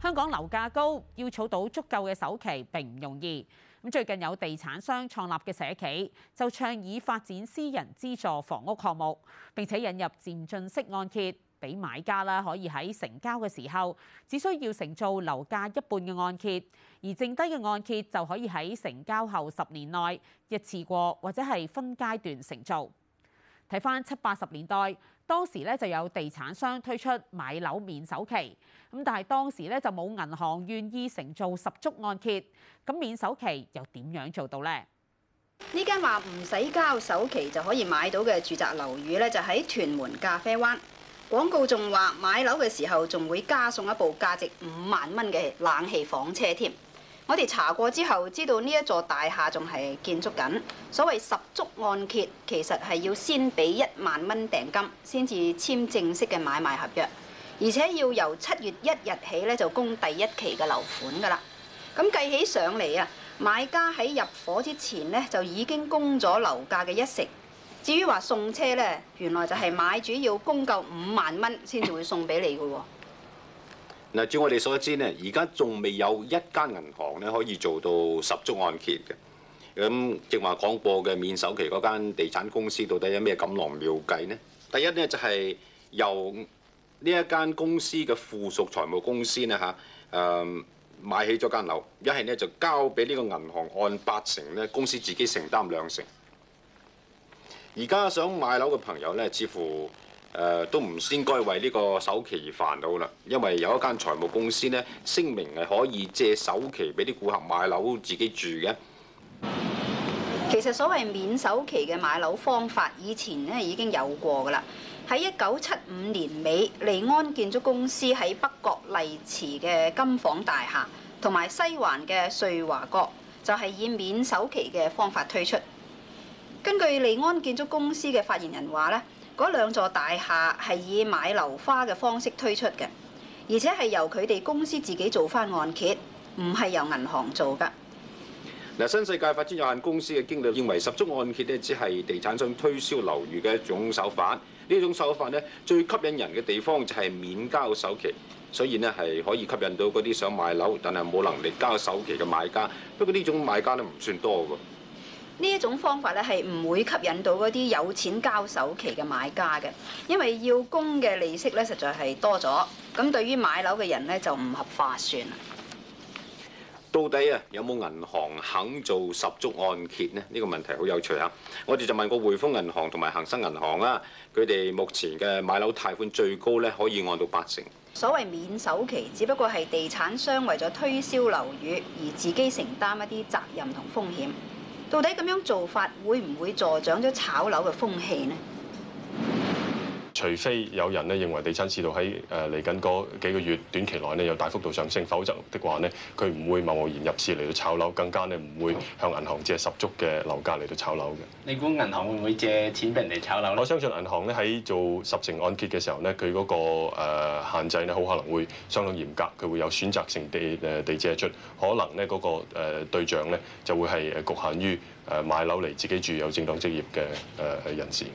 香港樓價高，要儲到足夠嘅首期並唔容易。咁最近有地產商創立嘅社企，就倡議發展私人資助房屋項目，並且引入漸進式按揭，俾買家啦，可以喺成交嘅時候只需要承造樓價一半嘅按揭，而剩低嘅按揭就可以喺成交後十年內一次過或者係分階段承造。睇返七八十年代。當時咧就有地產商推出買樓免首期，咁但係當時咧就冇銀行願意承造十足按揭，咁免首期又點樣做到呢？呢間話唔使交首期就可以買到嘅住宅樓宇咧，就喺屯門咖啡灣，廣告仲話買樓嘅時候仲會加送一部價值五萬蚊嘅冷氣房車添。我哋查過之後，知道呢一座大廈仲係建築緊。所謂十足按揭，其實係要先俾一萬蚊訂金，先至簽正式嘅買賣合約，而且要由七月一日起咧就供第一期嘅樓款噶啦。咁計起上嚟啊，買家喺入伙之前咧就已經供咗樓價嘅一成。至於話送車咧，原來就係買主要供夠五萬蚊先至會送俾你嘅喎。嗱，照我哋所知咧，而家仲未有一間銀行咧可以做到十足按揭嘅。咁，正話講過嘅免首期嗰間地產公司，到底有咩錦囊妙計呢？第一咧就係、是、由呢一間公司嘅附屬財務公司啦嚇，誒、啊、買起咗間樓，一係咧就交俾呢個銀行按八成咧，公司自己承擔兩成。而家想買樓嘅朋友咧，似乎～誒都唔應該為呢個首期而煩惱啦，因為有一間財務公司呢，聲明係可以借首期俾啲顧客買樓自己住嘅。其實所謂免首期嘅買樓方法，以前呢已經有過噶啦。喺一九七五年尾，利安建築公司喺北角麗池嘅金房大廈同埋西環嘅瑞華閣，就係以免首期嘅方法推出。根據利安建築公司嘅發言人話呢。嗰兩座大廈係以買樓花嘅方式推出嘅，而且係由佢哋公司自己做翻按揭，唔係由銀行做㗎。嗱，新世界發展有限公司嘅經理認為，十足按揭咧只係地產商推銷樓宇嘅一種手法。呢種手法咧最吸引人嘅地方就係免交首期，所以咧係可以吸引到嗰啲想買樓但係冇能力交首期嘅買家。不過呢種買家都唔算多。呢一種方法咧，係唔會吸引到嗰啲有錢交首期嘅買家嘅，因為要供嘅利息咧，實在係多咗。咁對於買樓嘅人咧，就唔合化算啦。到底啊，有冇銀行肯做十足按揭呢？呢個問題好有趣啊！我哋就問過匯豐銀行同埋恒生銀行啊，佢哋目前嘅買樓貸款最高咧可以按到八成。所謂免首期，只不過係地產商為咗推銷樓宇而自己承擔一啲責任同風險。到底咁樣做法會唔會助長咗炒樓嘅風氣呢？除非有人咧，認為地產市道喺誒嚟緊嗰幾個月短期內咧，有大幅度上升，否則的話咧，佢唔會貿貿然入市嚟到炒樓，更加咧唔會向銀行借十足嘅樓價嚟到炒樓嘅。你估銀行會唔會借錢俾人哋炒樓咧？我相信銀行咧喺做十成按揭嘅時候咧，佢嗰個限制咧好可能會相當嚴格，佢會有選擇性地誒地借出，可能咧嗰個誒對象咧就會係局限於誒買樓嚟自己住、有正當職業嘅誒人士。